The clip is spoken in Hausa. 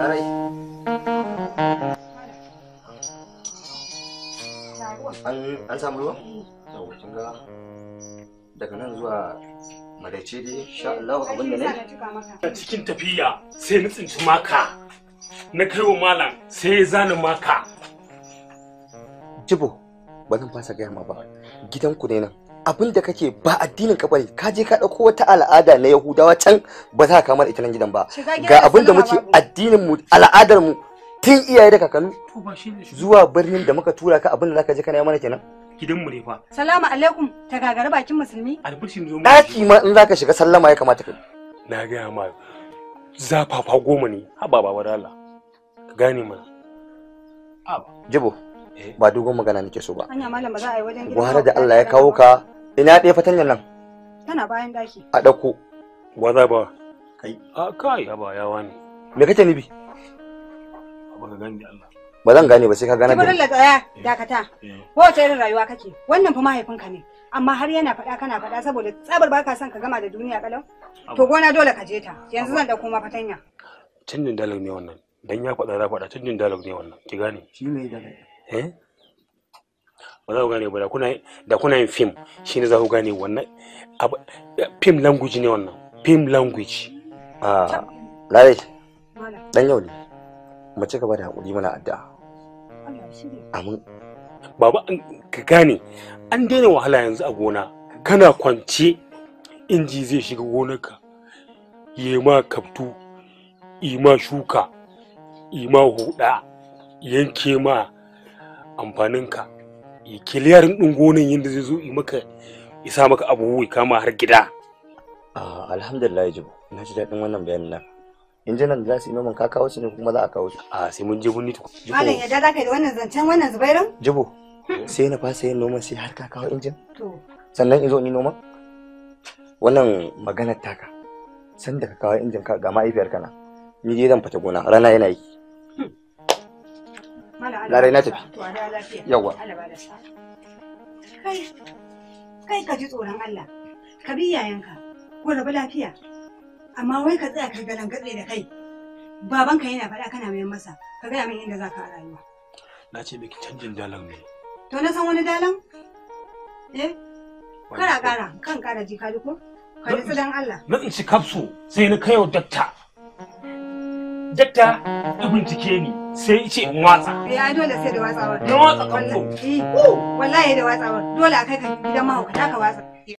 Sarai. An samu ruwa? daga nan zuwa madaice dai insha Allah abin da ne. Cikin tafiya sai na tsinci maka na wa malam sai ya zani maka. Jibo, ba zan fasa gaya ma ba. Gidanku ne nan. abinda da kake ba addinin ka bane ka je ka dauko wata al'ada na yahudawa can ba za ka kamar ita nan gidan ba ga abinda da muke addinin mu al'adar mu tun iyaye da kakanni zuwa birnin da muka tura ka abin da zaka je kana mana kenan gidan mu ne fa salamu alaikum ta gagari bakin musulmi albishin zo daki ma in zaka shiga sallama ya kamata ka na ga ma zafafa goma ne ba baba dala gane mana jibo Eh? ba dogon magana nake so ba gwara da Allah ya kawo ka ina ɗaya fatanyar nan tana bayan daki a ɗauko za ba kai a kai ba ya ne me kake nufi ba ka gani Allah ba zan gane ba sai ka gane da Jibril tsaya dakata eh. eh. ko wace irin rayuwa kake wannan fa mahaifinka ne amma har yana faɗa kana faɗa saboda tsabar baka son ka gama da duniya kalau to gona dole ka je ta yanzu zan ɗauko ma fatanya canjin dalog ne wannan dan ya faɗa za faɗa canjin dalog ne wannan ki gane shi ne dalog eh ba za ku gane ba da kuna da kuna yin film shine za ku gane wannan film language ne wannan film language a ah. lalai dan yau ne mu ci gaba da hakuri mana addu'a amin baba ka gane an daina wahala yanzu a gona kana kwance inji zai shiga gonarka ya ma kaftu ima shuka ima huda yanke ma amfaninka ya kiliyarin ɗin gonan yadda zai zo yi maka isa maka abu kama har gida ah, alhamdulillah jibo na ji daɗin wannan bayanin nan injinan da za su yi noman ka kawo su ne kuma za a kawo su a ah, sai mun je bunni tukun jibo malam yadda za ka yi da wannan zancen wannan zubairin jibo hmm. sai na fasa yin noman sai har ka kawo injin sannan in zo ni noman wannan maganar taka san da ka kawo injin ka ga mahaifiyar kana ni dai zan fita gona rana yana yi larai na tafi yawa kai ka ji tsoron Allah ka bi yayanka ko rabu lafiya amma wai ka tsaya ka galan gatse da kai baban babanka yana faɗa kana mai masa ka gaya min inda zaka a rayuwa na ce miki canjin dalan ne to na san wani dalan eh kara kara kan kara ji ka ji ko ka ji dan Allah na in ci kafso sai na kaiwa dakta dakta ibn tike ni sai ce in watsa. Ya dole sai da watsawa. Na watsa kanko. Eh, wallahi da watsawa. Dole a kai ka gidan mahaukata ka watsa.